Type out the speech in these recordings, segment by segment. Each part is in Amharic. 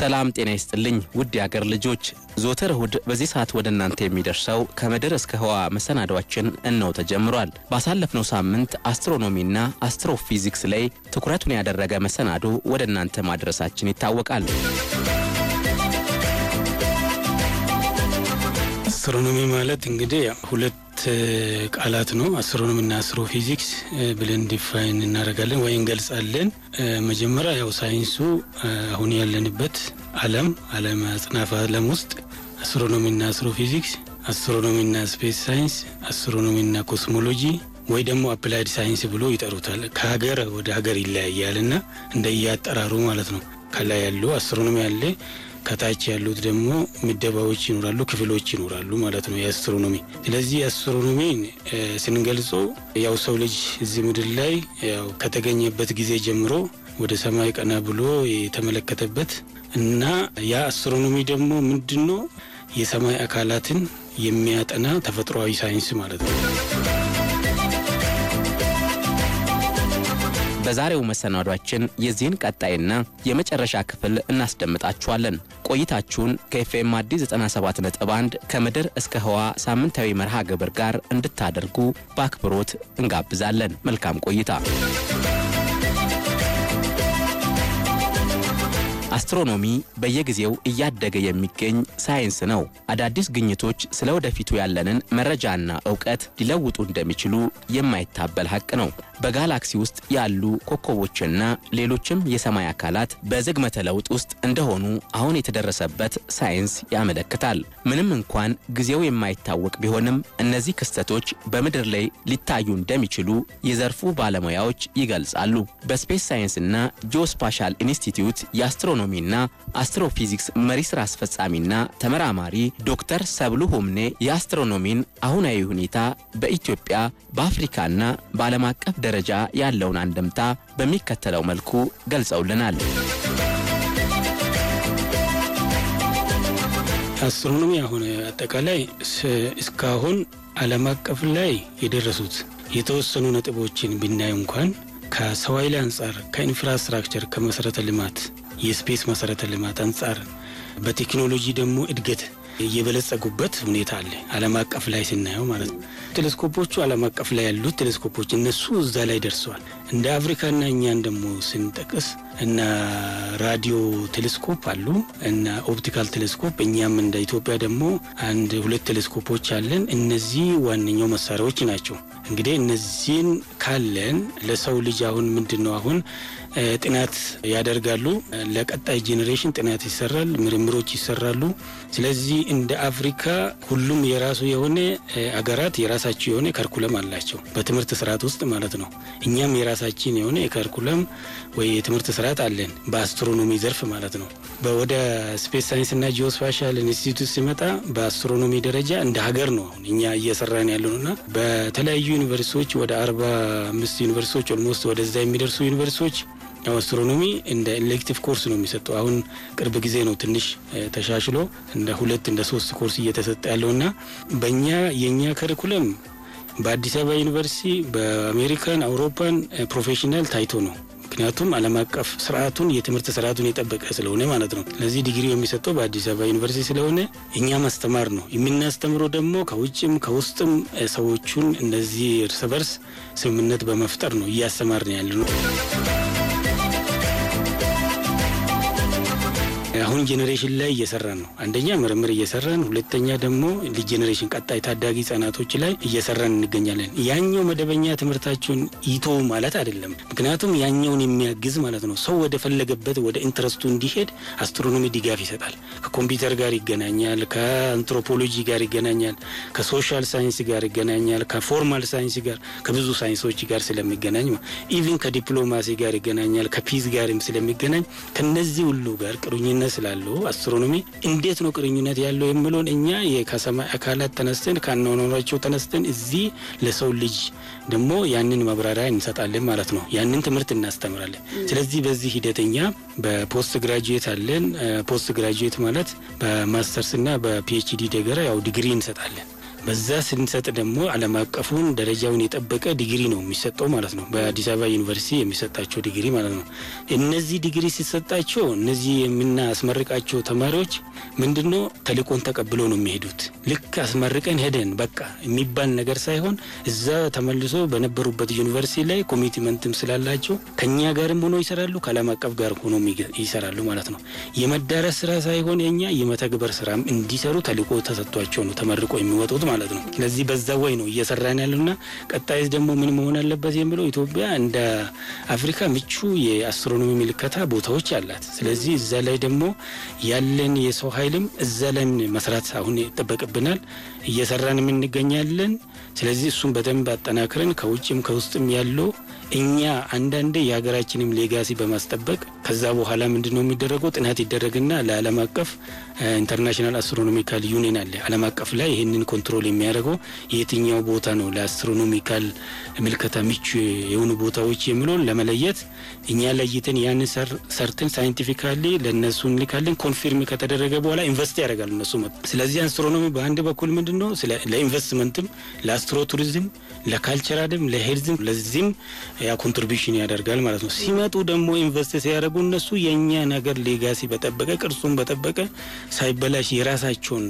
ሰላም ጤና ይስጥልኝ ውድ የአገር ልጆች፣ ዞተር እሁድ በዚህ ሰዓት ወደ እናንተ የሚደርሰው ከምድር እስከ ህዋ መሰናዷችን እነው ተጀምሯል። ባሳለፍነው ሳምንት አስትሮኖሚና አስትሮፊዚክስ ላይ ትኩረቱን ያደረገ መሰናዶ ወደ እናንተ ማድረሳችን ይታወቃል። አስትሮኖሚ ማለት እንግዲህ ሁለት ቃላት ነው። አስትሮኖሚና አስትሮ ፊዚክስ ብለን ዲፋይን እናደርጋለን ወይ እንገልጻለን። መጀመሪያ ያው ሳይንሱ አሁን ያለንበት ዓለም ዓለም አጽናፈ ዓለም ውስጥ አስትሮኖሚና አስትሮ ፊዚክስ፣ አስትሮኖሚና ስፔስ ሳይንስ፣ አስትሮኖሚና ኮስሞሎጂ ወይ ደግሞ አፕላይድ ሳይንስ ብሎ ይጠሩታል። ከሀገር ወደ ሀገር ይለያያልና እንደየ አጠራሩ ማለት ነው። ከላይ ያለው አስትሮኖሚ ያለ ከታች ያሉት ደግሞ ምደባዎች ይኖራሉ፣ ክፍሎች ይኖራሉ ማለት ነው የአስትሮኖሚ። ስለዚህ የአስትሮኖሚን ስንገልጸው ያው ሰው ልጅ እዚህ ምድር ላይ ያው ከተገኘበት ጊዜ ጀምሮ ወደ ሰማይ ቀና ብሎ የተመለከተበት እና ያ አስትሮኖሚ ደግሞ ምንድን ነው የሰማይ አካላትን የሚያጠና ተፈጥሯዊ ሳይንስ ማለት ነው። በዛሬው መሰናዷችን የዚህን ቀጣይና የመጨረሻ ክፍል እናስደምጣችኋለን። ቆይታችሁን ከኤፍኤም አዲስ 97.1 ከምድር እስከ ህዋ ሳምንታዊ መርሃ ግብር ጋር እንድታደርጉ በአክብሮት እንጋብዛለን። መልካም ቆይታ። አስትሮኖሚ በየጊዜው እያደገ የሚገኝ ሳይንስ ነው። አዳዲስ ግኝቶች ስለ ወደፊቱ ያለንን መረጃና እውቀት ሊለውጡ እንደሚችሉ የማይታበል ሀቅ ነው። በጋላክሲ ውስጥ ያሉ ኮከቦችና ሌሎችም የሰማይ አካላት በዝግመተ ለውጥ ውስጥ እንደሆኑ አሁን የተደረሰበት ሳይንስ ያመለክታል። ምንም እንኳን ጊዜው የማይታወቅ ቢሆንም እነዚህ ክስተቶች በምድር ላይ ሊታዩ እንደሚችሉ የዘርፉ ባለሙያዎች ይገልጻሉ። በስፔስ ሳይንስና ጂኦስፓሻል ኢንስቲትዩት የአስትሮኖሚና አስትሮፊዚክስ መሪ ስራ አስፈጻሚና ተመራማሪ ዶክተር ሰብሉ ሆምኔ የአስትሮኖሚን አሁናዊ ሁኔታ በኢትዮጵያ በአፍሪካና በዓለም አቀፍ ደረጃ ያለውን አንድምታ በሚከተለው መልኩ ገልጸውልናል። አስሩንም ያሁን አጠቃላይ እስካሁን ዓለም አቀፍ ላይ የደረሱት የተወሰኑ ነጥቦችን ብናይ እንኳን ከሰው ኃይል አንጻር፣ ከኢንፍራስትራክቸር፣ ከመሰረተ ልማት የስፔስ መሰረተ ልማት አንጻር በቴክኖሎጂ ደግሞ እድገት እየበለጸጉበት ሁኔታ አለ። ዓለም አቀፍ ላይ ስናየው ማለት ነው። ቴሌስኮፖቹ ዓለም አቀፍ ላይ ያሉት ቴሌስኮፖች እነሱ እዛ ላይ ደርሰዋል። እንደ አፍሪካና እኛን ደግሞ ስንጠቅስ እና ራዲዮ ቴሌስኮፕ አሉ እና ኦፕቲካል ቴሌስኮፕ እኛም እንደ ኢትዮጵያ ደግሞ አንድ ሁለት ቴሌስኮፖች አለን። እነዚህ ዋነኛው መሳሪያዎች ናቸው። እንግዲህ እነዚህን ካለን ለሰው ልጅ አሁን ምንድን ነው አሁን ጥናት ያደርጋሉ። ለቀጣይ ጄኔሬሽን ጥናት ይሰራል፣ ምርምሮች ይሰራሉ። ስለዚህ እንደ አፍሪካ ሁሉም የራሱ የሆነ አገራት የራሳቸው የሆነ ከርኩለም አላቸው በትምህርት ስርዓት ውስጥ ማለት ነው። እኛም የራሳችን የሆነ የከርኩለም ወይ የትምህርት ስርዓት አለን በአስትሮኖሚ ዘርፍ ማለት ነው። ወደ ስፔስ ሳይንስና ጂኦስፓሻል ኢንስቲትዩት ሲመጣ በአስትሮኖሚ ደረጃ እንደ ሀገር ነው አሁን እኛ እየሰራን ያለ ነውና በተለያዩ ዩኒቨርሲቲዎች ወደ አርባ አምስት ዩኒቨርሲቲዎች ኦልሞስት ወደዛ የሚደርሱ ዩኒቨርሲቲዎች አስትሮኖሚ እንደ ኢሌክቲቭ ኮርስ ነው የሚሰጠው። አሁን ቅርብ ጊዜ ነው ትንሽ ተሻሽሎ እንደ ሁለት እንደ ሶስት ኮርስ እየተሰጠ ያለው እና በእኛ የእኛ ከሪኩለም በአዲስ አበባ ዩኒቨርሲቲ በአሜሪካን አውሮፓን ፕሮፌሽናል ታይቶ ነው። ምክንያቱም ዓለም አቀፍ ስርዓቱን የትምህርት ስርዓቱን የጠበቀ ስለሆነ ማለት ነው። ስለዚህ ዲግሪ የሚሰጠው በአዲስ አበባ ዩኒቨርሲቲ ስለሆነ እኛ ማስተማር ነው የምናስተምረው። ደግሞ ከውጭም ከውስጥም ሰዎቹን እንደዚህ እርስ በርስ ስምምነት በመፍጠር ነው እያስተማር ነው ያለ ነው። አሁን ጄኔሬሽን ላይ እየሰራን ነው። አንደኛ ምርምር እየሰራን፣ ሁለተኛ ደግሞ ልጅ ጄኔሬሽን ቀጣይ ታዳጊ ህጻናቶች ላይ እየሰራን እንገኛለን። ያኛው መደበኛ ትምህርታቸውን ይቶ ማለት አይደለም። ምክንያቱም ያኛውን የሚያግዝ ማለት ነው። ሰው ወደ ፈለገበት ወደ ኢንትረስቱ እንዲሄድ አስትሮኖሚ ድጋፍ ይሰጣል። ከኮምፒውተር ጋር ይገናኛል፣ ከአንትሮፖሎጂ ጋር ይገናኛል፣ ከሶሻል ሳይንስ ጋር ይገናኛል፣ ከፎርማል ሳይንስ ጋር ከብዙ ሳይንሶች ጋር ስለሚገናኝ ኢቭን ከዲፕሎማሲ ጋር ይገናኛል፣ ከፒዝ ጋርም ስለሚገናኝ ከነዚህ ሁሉ ጋር ቅሩኝነት ስላሉ አስትሮኖሚ እንዴት ነው ቅርኙነት ያለው የምለውን እኛ ከሰማይ አካላት ተነስተን ከአኗኗራቸው ተነስተን እዚህ ለሰው ልጅ ደግሞ ያንን ማብራሪያ እንሰጣለን ማለት ነው። ያንን ትምህርት እናስተምራለን። ስለዚህ በዚህ ሂደት በፖስት ግራጁዌት አለን። ፖስት ግራጁዌት ማለት በማስተርስና በፒኤችዲ ደገራ ያው ዲግሪ እንሰጣለን። በዛ ስንሰጥ ደግሞ ዓለም አቀፉን ደረጃውን የጠበቀ ዲግሪ ነው የሚሰጠው ማለት ነው። በአዲስ አበባ ዩኒቨርሲቲ የሚሰጣቸው ዲግሪ ማለት ነው። እነዚህ ዲግሪ ሲሰጣቸው እነዚህ የምናስመርቃቸው ተማሪዎች ምንድነው ተልእኮን ተቀብሎ ነው የሚሄዱት። ልክ አስመርቀን ሄደን በቃ የሚባል ነገር ሳይሆን እዛ ተመልሶ በነበሩበት ዩኒቨርሲቲ ላይ ኮሚትመንትም ስላላቸው ከኛ ጋርም ሆኖ ይሰራሉ፣ ከዓለም አቀፍ ጋር ሆኖ ይሰራሉ ማለት ነው። የመዳረስ ስራ ሳይሆን የኛ የመተግበር ስራም እንዲሰሩ ተልእኮ ተሰጥቷቸው ነው ተመርቆ የሚወጡት። ማለት ነው። ስለዚህ በዛ ወይ ነው እየሰራን ያለውና ቀጣይ ደግሞ ምን መሆን አለበት የሚለው ኢትዮጵያ እንደ አፍሪካ ምቹ የአስትሮኖሚ ምልከታ ቦታዎች አላት። ስለዚህ እዛ ላይ ደግሞ ያለን የሰው ኃይልም እዛ ላይ መስራት አሁን ይጠበቅብናል። እየሰራን እንገኛለን። ስለዚህ እሱን በደንብ አጠናክረን ከውጭም ከውስጥም ያለው እኛ አንዳንዴ የሀገራችንም ሌጋሲ በማስጠበቅ ከዛ በኋላ ምንድን ነው የሚደረገው ጥናት ይደረግና ለዓለም አቀፍ ኢንተርናሽናል አስትሮኖሚካል ዩኒን አለ። ዓለም አቀፍ ላይ ይህንን ኮንትሮል የሚያደርገው የትኛው ቦታ ነው ለአስትሮኖሚካል ምልከታ ምቹ የሆኑ ቦታዎች የሚለውን ለመለየት እኛ ለይተን ያንን ሰርተን ሳይንቲፊካሊ ለእነሱ እንልካለን። ኮንፊርም ከተደረገ በኋላ ኢንቨስት ያደርጋሉ እነሱ። መ ስለዚህ አስትሮኖሚ በአንድ በኩል ምንድን ነው ለኢንቨስትመንትም፣ ለአስትሮ ቱሪዝም፣ ለካልቸራልም፣ ለሄልዝም ለዚህም ያ ኮንትሪቢሽን ያደርጋል ማለት ነው። ሲመጡ ደግሞ ኢንቨስት ሲያደርጉ እነሱ የእኛ ነገር ሌጋሲ በጠበቀ ቅርሱን በጠበቀ ሳይበላሽ የራሳቸውን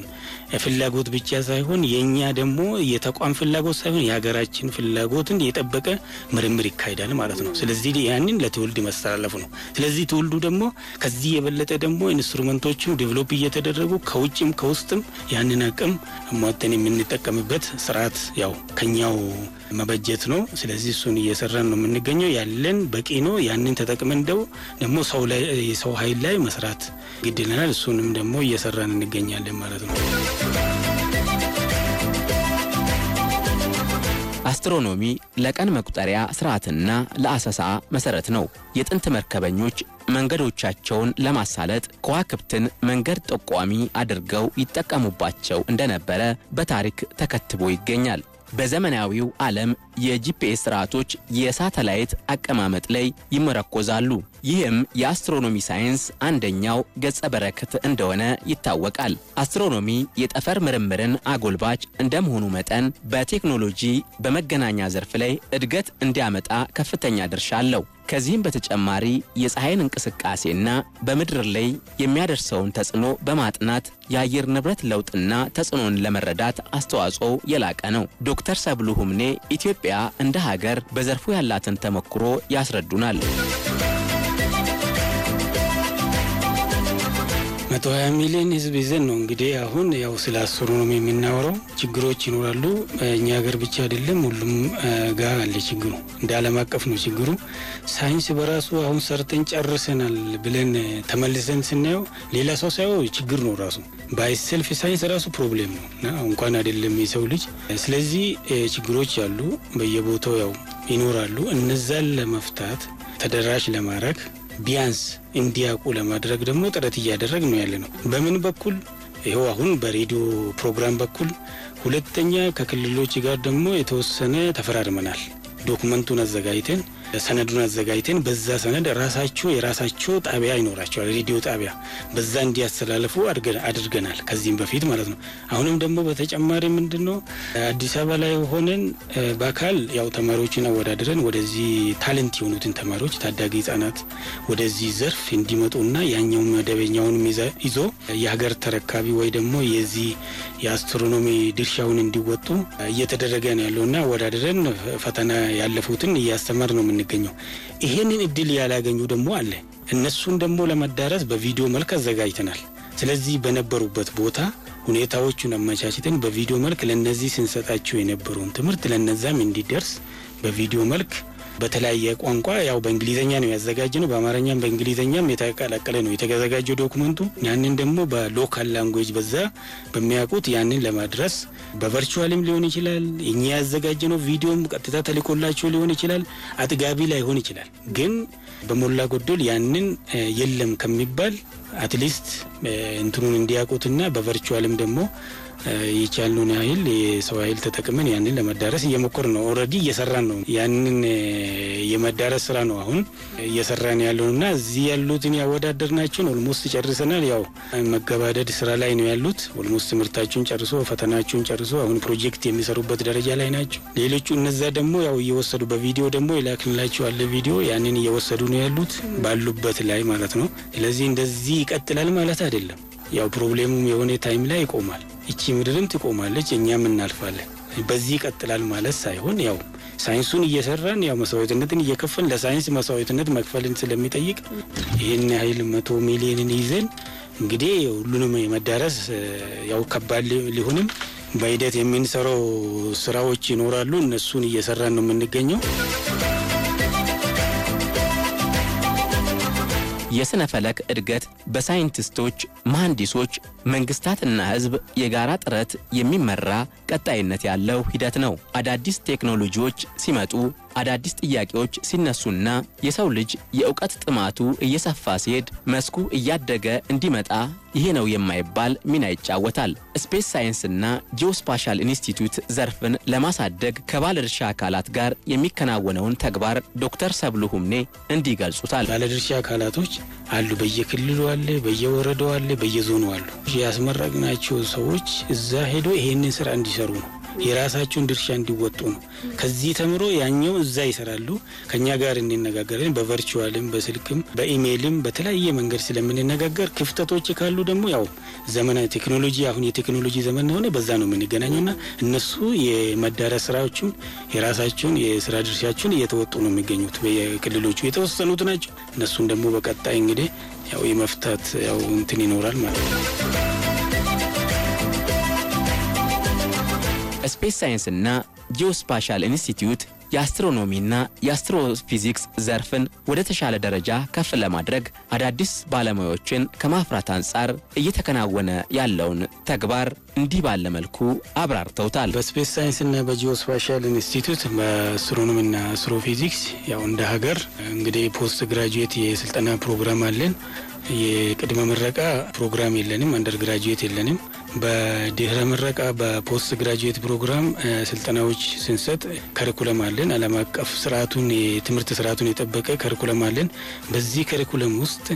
ፍላጎት ብቻ ሳይሆን የእኛ ደግሞ የተቋም ፍላጎት ሳይሆን የሀገራችን ፍላጎትን የጠበቀ ምርምር ይካሄዳል ማለት ነው። ስለዚህ ያንን ለትውልድ መስተላለፉ ነው። ስለዚህ ትውልዱ ደግሞ ከዚህ የበለጠ ደግሞ ኢንስትሩመንቶችም ዴቨሎፕ እየተደረጉ ከውጭም ከውስጥም ያንን አቅም ሟጠን የምንጠቀምበት ስርዓት ያው ከኛው መበጀት ነው። ስለዚህ እሱን እየሰራን ነው የምንገኘው ያለን በቂ ነው። ያንን ተጠቅመን ደግሞ ሰው ኃይል ላይ መስራት ግድ እሱንም ደግሞ እየሰራን እንገኛለን ማለት ነው። አስትሮኖሚ ለቀን መቁጠሪያ ስርዓትና ለአሰሳ መሰረት ነው። የጥንት መርከበኞች መንገዶቻቸውን ለማሳለጥ ከዋክብትን መንገድ ጠቋሚ አድርገው ይጠቀሙባቸው እንደነበረ በታሪክ ተከትቦ ይገኛል። በዘመናዊው ዓለም የጂፒኤስ ስርዓቶች የሳተላይት አቀማመጥ ላይ ይመረኮዛሉ። ይህም የአስትሮኖሚ ሳይንስ አንደኛው ገጸ በረከት እንደሆነ ይታወቃል። አስትሮኖሚ የጠፈር ምርምርን አጎልባች እንደመሆኑ መጠን በቴክኖሎጂ በመገናኛ ዘርፍ ላይ እድገት እንዲያመጣ ከፍተኛ ድርሻ አለው። ከዚህም በተጨማሪ የፀሐይን እንቅስቃሴና በምድር ላይ የሚያደርሰውን ተጽዕኖ በማጥናት የአየር ንብረት ለውጥና ተጽዕኖን ለመረዳት አስተዋጽኦ የላቀ ነው። ዶክተር ሰብሉ ሁምኔ ኢትዮጵያ እንደ ሀገር በዘርፉ ያላትን ተሞክሮ ያስረዱናል። መቶ ሀያ ሚሊዮን ህዝብ ይዘን ነው እንግዲህ አሁን ያው ስለ አስሩ ነው የምናወራው። ችግሮች ይኖራሉ። እኛ ሀገር ብቻ አይደለም፣ ሁሉም ጋ አለ ችግሩ። እንደ አለም አቀፍ ነው ችግሩ። ሳይንስ በራሱ አሁን ሰርተን ጨርሰናል ብለን ተመልሰን ስናየው ሌላ ሰው ሳይሆን ችግር ነው ራሱ። ባይሰልፍ ሳይንስ ራሱ ፕሮብሌም ነው እና እንኳን አይደለም የሰው ልጅ። ስለዚህ ችግሮች አሉ በየቦታው ያው ይኖራሉ። እነዛን ለመፍታት ተደራሽ ለማድረግ ቢያንስ እንዲያውቁ ለማድረግ ደግሞ ጥረት እያደረግ ነው ያለ ነው። በምን በኩል ይኸው አሁን በሬዲዮ ፕሮግራም በኩል ሁለተኛ ከክልሎች ጋር ደግሞ የተወሰነ ተፈራርመናል። ዶክመንቱን አዘጋጅተን ሰነዱን አዘጋጅተን በዛ ሰነድ ራሳቸው የራሳቸው ጣቢያ ይኖራቸዋል፣ ሬዲዮ ጣቢያ በዛ እንዲያስተላልፉ አድርገናል። ከዚህም በፊት ማለት ነው። አሁንም ደግሞ በተጨማሪ ምንድን ነው አዲስ አበባ ላይ ሆነን በአካል ያው ተማሪዎችን አወዳድረን ወደዚህ ታለንት የሆኑትን ተማሪዎች ታዳጊ ህጻናት ወደዚህ ዘርፍ እንዲመጡና ያኛው መደበኛውን ይዞ የሀገር ተረካቢ ወይ ደግሞ የዚህ የአስትሮኖሚ ድርሻውን እንዲወጡ እየተደረገ ነው ያለው እና አወዳድረን ፈተና ያለፉትን እያስተማር ነው የምንገኘው። ይሄንን እድል ያላገኙ ደግሞ አለ። እነሱን ደግሞ ለማዳረስ በቪዲዮ መልክ አዘጋጅተናል። ስለዚህ በነበሩበት ቦታ ሁኔታዎቹን አመቻችተን በቪዲዮ መልክ ለነዚህ ስንሰጣቸው የነበረውን ትምህርት ለነዛም እንዲደርስ በቪዲዮ መልክ በተለያየ ቋንቋ ያው በእንግሊዝኛ ነው ያዘጋጀ ነው። በአማርኛም በእንግሊዝኛም የተቀላቀለ ነው የተዘጋጀው ዶክመንቱ። ያንን ደግሞ በሎካል ላንጉዌጅ በዛ በሚያውቁት ያንን ለማድረስ በቨርቹዋልም ሊሆን ይችላል። እኛ ያዘጋጀ ነው ቪዲዮም ቀጥታ ተልኮላቸው ሊሆን ይችላል። አጥጋቢ ላይሆን ይችላል። ግን በሞላ ጎደል ያንን የለም ከሚባል አትሊስት እንትኑን እንዲያውቁትና በቨርቹዋልም ደግሞ የቻልነውን ያህል የሰው ኃይል ተጠቅመን ያንን ለመዳረስ እየሞከር ነው። ኦልሬዲ እየሰራን ነው። ያንን የመዳረስ ስራ ነው አሁን እየሰራን ያለውና እዚህ ያሉትን ያወዳደርናቸውን ኦልሞስት ጨርሰናል። ያው መገባደድ ስራ ላይ ነው ያሉት። ኦልሞስት ትምህርታችሁን ጨርሶ ፈተናችሁን ጨርሶ አሁን ፕሮጀክት የሚሰሩበት ደረጃ ላይ ናቸው። ሌሎቹ እነዛ ደግሞ ያው እየወሰዱ በቪዲዮ ደግሞ የላክንላቸው አለ ቪዲዮ ያንን እየወሰዱ ነው ያሉት ባሉበት ላይ ማለት ነው። ስለዚህ እንደዚህ ይቀጥላል ማለት አይደለም። ያው ፕሮብሌሙም የሆነ ታይም ላይ ይቆማል። እቺ ምድርም ትቆማለች፣ እኛም እናልፋለን። በዚህ ይቀጥላል ማለት ሳይሆን ያው ሳይንሱን እየሰራን ያው መስዋዕትነትን እየከፈን ለሳይንስ መስዋዕትነት መክፈልን ስለሚጠይቅ ይህን ያህል መቶ ሚሊዮንን ይዘን እንግዲህ ሁሉንም መዳረስ ያው ከባድ ሊሆንም በሂደት የምንሰራው ስራዎች ይኖራሉ። እነሱን እየሰራን ነው የምንገኘው። የሥነ ፈለክ እድገት በሳይንቲስቶች፣ መሐንዲሶች፣ መንግስታትና ህዝብ የጋራ ጥረት የሚመራ ቀጣይነት ያለው ሂደት ነው። አዳዲስ ቴክኖሎጂዎች ሲመጡ፣ አዳዲስ ጥያቄዎች ሲነሱና የሰው ልጅ የእውቀት ጥማቱ እየሰፋ ሲሄድ መስኩ እያደገ እንዲመጣ ይሄ ነው የማይባል ሚና ይጫወታል። ስፔስ ሳይንስና ጂኦስፓሻል ኢንስቲትዩት ዘርፍን ለማሳደግ ከባለድርሻ አካላት ጋር የሚከናወነውን ተግባር ዶክተር ሰብሉ ሁምኔ እንዲህ ገልጹታል። ባለድርሻ አካላቶች አሉ። በየክልሉ አለ፣ በየወረዳው አለ፣ በየዞኑ አሉ። ያስመረቅናቸው ሰዎች እዛ ሄዶ ይሄንን ስራ እንዲሰሩ ነው። የራሳቸውን ድርሻ እንዲወጡ ነው። ከዚህ ተምሮ ያኛው እዛ ይሰራሉ። ከኛ ጋር እንነጋገርን በቨርቹዋልም፣ በስልክም፣ በኢሜይልም በተለያየ መንገድ ስለምንነጋገር ክፍተቶች ካሉ ደግሞ ያው ዘመናዊ ቴክኖሎጂ አሁን የቴክኖሎጂ ዘመን እንደሆነ በዛ ነው የምንገናኘውና እነሱ የመዳረስ ስራዎችም የራሳቸውን የስራ ድርሻቸውን እየተወጡ ነው የሚገኙት። በየክልሎቹ የተወሰኑት ናቸው። እነሱን ደግሞ በቀጣይ እንግዲህ ያው የመፍታት ያው እንትን ይኖራል ማለት ነው። ስፔስ ሳይንስና ጂኦስፓሻል ኢንስቲትዩት የአስትሮኖሚና የአስትሮፊዚክስ ዘርፍን ወደ ተሻለ ደረጃ ከፍ ለማድረግ አዳዲስ ባለሙያዎችን ከማፍራት አንጻር እየተከናወነ ያለውን ተግባር እንዲህ ባለ መልኩ አብራርተውታል። በስፔስ ሳይንስና በጂኦስፓሻል ኢንስቲትዩት በአስትሮኖሚና አስትሮፊዚክስ ያው እንደ ሀገር እንግዲህ ፖስት ግራጁዌት የስልጠና ፕሮግራም አለን። የቅድመ ምረቃ ፕሮግራም የለንም። አንደር ግራጁዌት የለንም። በድህረ ምረቃ በፖስት ግራጁዌት ፕሮግራም ስልጠናዎች ስንሰጥ ከሪኩለም አለን። ዓለም አቀፍ ስርዓቱን የትምህርት ስርዓቱን የጠበቀ ከሪኩለም አለን። በዚህ ከሪኩለም ውስጥ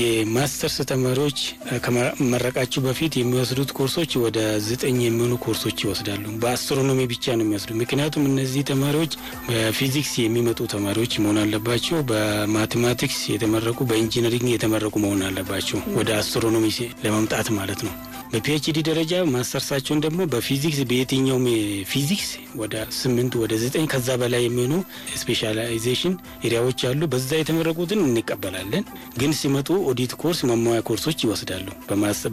የማስተርስ ተማሪዎች ከመረቃቸው በፊት የሚወስዱት ኮርሶች ወደ ዘጠኝ የሚሆኑ ኮርሶች ይወስዳሉ። በአስትሮኖሚ ብቻ ነው የሚወስዱ። ምክንያቱም እነዚህ ተማሪዎች በፊዚክስ የሚመጡ ተማሪዎች መሆን አለባቸው። በማቴማቲክስ የተመረቁ፣ በኢንጂነሪንግ የተመረቁ መሆን አለባቸው። ወደ አስትሮኖሚ ለመምጣት ማለት ነው። በፒኤችዲ ደረጃ ማስተርሳቸውን ደግሞ በፊዚክስ በየትኛውም ፊዚክስ ወደ ስምንት ወደ ዘጠኝ ከዛ በላይ የሚሆኑ ስፔሻላይዜሽን ኤሪያዎች አሉ። በዛ የተመረቁትን እንቀበላለን። ግን ሲመጡ ኦዲት ኮርስ መማያ ኮርሶች ይወስዳሉ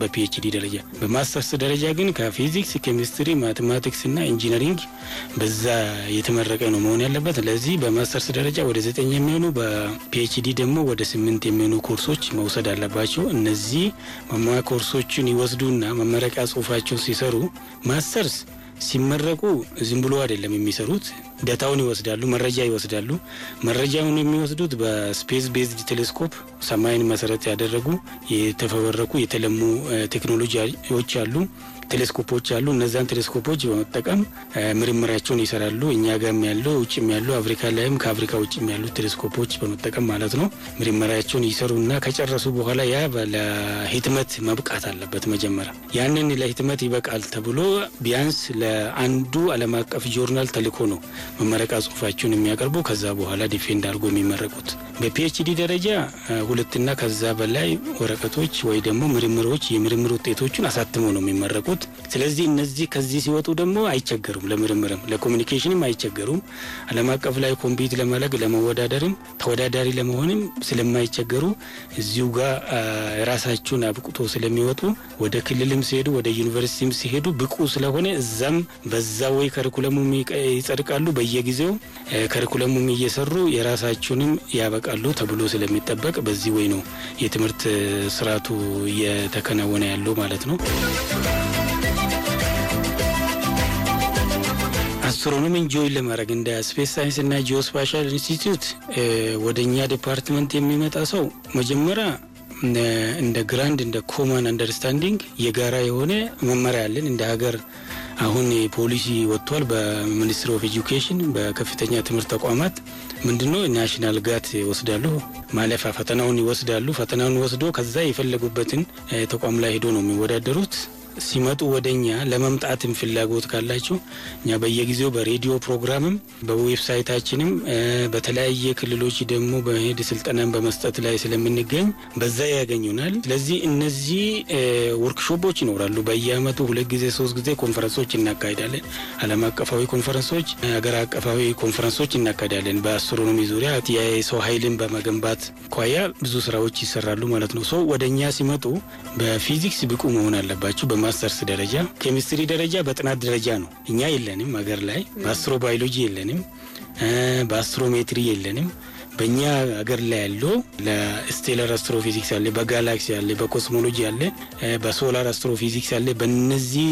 በፒኤችዲ ደረጃ። በማስተርስ ደረጃ ግን ከፊዚክስ፣ ኬሚስትሪ፣ ማቴማቲክስ እና ኢንጂነሪንግ በዛ የተመረቀ ነው መሆን ያለበት። ለዚህ በማስተርስ ደረጃ ወደ ዘጠኝ የሚሆኑ በፒኤችዲ ደግሞ ወደ ስምንት የሚሆኑ ኮርሶች መውሰድ አለባቸው። እነዚህ መሟያ ኮርሶችን ይወስዱና መመረቂያ ጽሁፋቸውን ሲሰሩ ማስተርስ ሲመረቁ ዝም ብሎ አይደለም የሚሰሩት። ዳታውን ይወስዳሉ፣ መረጃ ይወስዳሉ። መረጃውን የሚወስዱት በስፔስ ቤዝድ ቴሌስኮፕ ሰማይን መሰረት ያደረጉ የተፈበረኩ የተለሙ ቴክኖሎጂዎች አሉ። ቴሌስኮፖች አሉ። እነዛን ቴሌስኮፖች በመጠቀም ምርምሪያቸውን ይሰራሉ። እኛ ጋም ያሉ ውጭም ያሉ አፍሪካ ላይም ከአፍሪካ ውጭም ያሉ ቴሌስኮፖች በመጠቀም ማለት ነው ምርምሪያቸውን ይሰሩና ከጨረሱ በኋላ ያ ለህትመት መብቃት አለበት። መጀመሪያ ያንን ለህትመት ይበቃል ተብሎ ቢያንስ ለአንዱ ዓለም አቀፍ ጆርናል ተልኮ ነው መመረቂያ ጽሁፋቸውን የሚያቀርቡ። ከዛ በኋላ ዲፌንድ አድርጎ የሚመረቁት በፒኤችዲ ደረጃ ሁለትና ከዛ በላይ ወረቀቶች ወይ ደግሞ ምርምሮች የምርምር ውጤቶችን አሳትሞ ነው የሚመረቁት። የሚወጡት። ስለዚህ እነዚህ ከዚህ ሲወጡ ደግሞ አይቸገሩም፣ ለምርምርም ለኮሚኒኬሽንም አይቸገሩም። ዓለም አቀፍ ላይ ኮምፒት ለማለግ ለመወዳደርም ተወዳዳሪ ለመሆንም ስለማይቸገሩ እዚሁ ጋር ራሳቸውን አብቁቶ ስለሚወጡ ወደ ክልልም ሲሄዱ ወደ ዩኒቨርሲቲም ሲሄዱ ብቁ ስለሆነ እዛም በዛ ወይ ከሪኩለሙም ይጸድቃሉ፣ በየጊዜው ከሪኩለሙም እየሰሩ የራሳቸውንም ያበቃሉ ተብሎ ስለሚጠበቅ በዚህ ወይ ነው የትምህርት ስርዓቱ እየተከናወነ ያለው ማለት ነው። አስትሮኖሚን ጆይን ለማድረግ እንደ ስፔስ ሳይንስ እና ጂኦስፓሻል ኢንስቲትዩት ወደ እኛ ዲፓርትመንት የሚመጣ ሰው መጀመሪያ እንደ ግራንድ እንደ ኮመን አንደርስታንዲንግ የጋራ የሆነ መመሪያ ያለን እንደ ሀገር አሁን ፖሊሲ ወጥቷል። በሚኒስትሪ ኦፍ ኤጁኬሽን በከፍተኛ ትምህርት ተቋማት ምንድነው ናሽናል ጋት ይወስዳሉ፣ ማለፋ ፈተናውን ይወስዳሉ። ፈተናውን ወስዶ ከዛ የፈለጉበትን ተቋም ላይ ሄዶ ነው የሚወዳደሩት። ሲመጡ ወደ እኛ ለመምጣትም ፍላጎት ካላቸው እኛ በየጊዜው በሬዲዮ ፕሮግራምም በዌብሳይታችንም በተለያየ ክልሎች ደግሞ በመሄድ ስልጠናን በመስጠት ላይ ስለምንገኝ በዛ ያገኙናል። ስለዚህ እነዚህ ወርክሾፖች ይኖራሉ። በየአመቱ ሁለት ጊዜ ሶስት ጊዜ ኮንፈረንሶች እናካሄዳለን። አለም አቀፋዊ ኮንፈረንሶች፣ ሀገር አቀፋዊ ኮንፈረንሶች እናካሄዳለን። በአስትሮኖሚ ዙሪያ የሰው ኃይልን በመገንባት ኳያ ብዙ ስራዎች ይሰራሉ ማለት ነው። ሰው ወደ እኛ ሲመጡ በፊዚክስ ብቁ መሆን አለባቸው። በማስተርስ ደረጃ ኬሚስትሪ ደረጃ በጥናት ደረጃ ነው። እኛ የለንም ሀገር ላይ በአስትሮ ባዮሎጂ የለንም፣ በአስትሮሜትሪ የለንም። በእኛ ሀገር ላይ ያለው ለስቴለር አስትሮፊዚክስ አለ፣ በጋላክሲ አለ፣ በኮስሞሎጂ አለ፣ በሶላር አስትሮፊዚክስ አለ። በነዚህ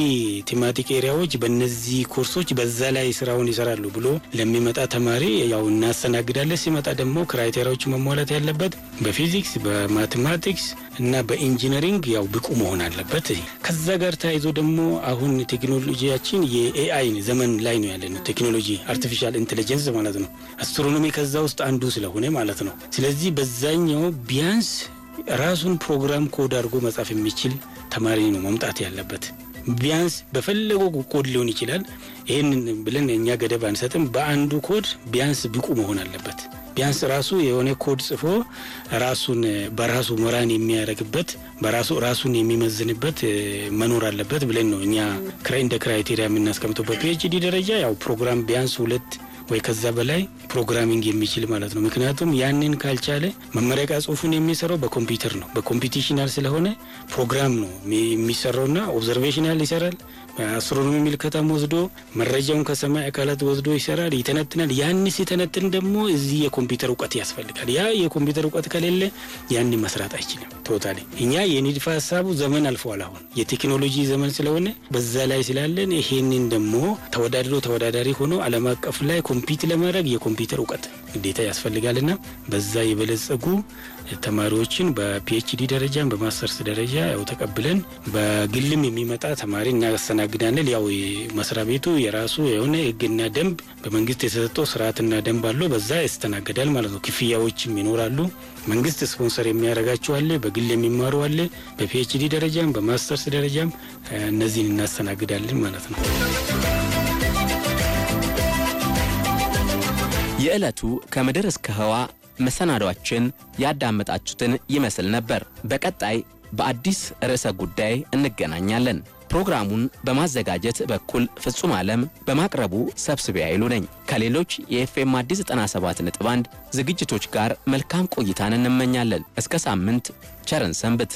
ቴማቲክ ኤሪያዎች በነዚህ ኮርሶች በዛ ላይ ስራውን ይሰራሉ ብሎ ለሚመጣ ተማሪ ያው እናስተናግዳለን። ሲመጣ ደግሞ ክራይቴሪያዎች መሟላት ያለበት በፊዚክስ በማቴማቲክስ እና በኢንጂነሪንግ ያው ብቁ መሆን አለበት። ከዛ ጋር ተያይዞ ደግሞ አሁን ቴክኖሎጂያችን የኤአይ ዘመን ላይ ነው ያለነው። ቴክኖሎጂ አርቲፊሻል ኢንቴሊጀንስ ማለት ነው። አስትሮኖሚ ከዛ ውስጥ አንዱ ስለሆነ ማለት ነው። ስለዚህ በዛኛው ቢያንስ ራሱን ፕሮግራም ኮድ አድርጎ መጻፍ የሚችል ተማሪ ነው መምጣት ያለበት። ቢያንስ በፈለገው ኮድ ሊሆን ይችላል። ይህንን ብለን እኛ ገደብ አንሰጥም። በአንዱ ኮድ ቢያንስ ብቁ መሆን አለበት። ቢያንስ ራሱ የሆነ ኮድ ጽፎ ራሱን በራሱ ሞራን የሚያደርግበት በራሱ ራሱን የሚመዝንበት መኖር አለበት ብለን ነው እኛ ክራይ እንደ ክራይቴሪያ የምናስቀምጠው። በፒኤችዲ ደረጃ ያው ፕሮግራም ቢያንስ ሁለት ወይ ከዛ በላይ ፕሮግራሚንግ የሚችል ማለት ነው። ምክንያቱም ያንን ካልቻለ መመረቂያ ጽሁፉን የሚሰራው በኮምፒውተር ነው። በኮምፒቲሽናል ስለሆነ ፕሮግራም ነው የሚሰራውና ኦብዘርቬሽናል ይሰራል። አስትሮኖሚ ምልከታም ወስዶ መረጃውን ከሰማይ አካላት ወስዶ ይሰራል፣ ይተነትናል። ያን ሲተነትን ደግሞ እዚህ የኮምፒውተር እውቀት ያስፈልጋል። ያ የኮምፒውተር እውቀት ከሌለ ያን መስራት አይችልም። ቶታሊ እኛ የንድፈ ሀሳቡ ዘመን አልፈዋል። አሁን የቴክኖሎጂ ዘመን ስለሆነ በዛ ላይ ስላለን ይሄንን ደግሞ ተወዳድሮ ተወዳዳሪ ሆኖ አለም አቀፍ ላይ ኮምፒት ለማድረግ የኮምፒውተር እውቀት ግዴታ ያስፈልጋልና በዛ የበለጸጉ ተማሪዎችን በፒኤችዲ ደረጃ በማስተርስ ደረጃ ያው ተቀብለን በግልም የሚመጣ ተማሪ እናስተናግዳለን። ያው መስሪያ ቤቱ የራሱ የሆነ ህግና ደንብ በመንግስት የተሰጠው ስርዓትና ደንብ አለው። በዛ ያስተናግዳል ማለት ነው። ክፍያዎችም ይኖራሉ። መንግስት ስፖንሰር የሚያደርጋቸው አለ፣ በግል የሚማሩ አለ። በፒኤችዲ ደረጃም በማስተርስ ደረጃም እነዚህን እናስተናግዳለን ማለት ነው። የዕለቱ ከምድር እስከ ህዋ መሰናዷችን ያዳመጣችሁትን ይመስል ነበር። በቀጣይ በአዲስ ርዕሰ ጉዳይ እንገናኛለን። ፕሮግራሙን በማዘጋጀት በኩል ፍጹም ዓለም በማቅረቡ ሰብስቤ አይሉ ነኝ። ከሌሎች የኤፍኤም አዲስ 97 ነጥብ 1 ዝግጅቶች ጋር መልካም ቆይታን እንመኛለን። እስከ ሳምንት ቸርን ሰንብት።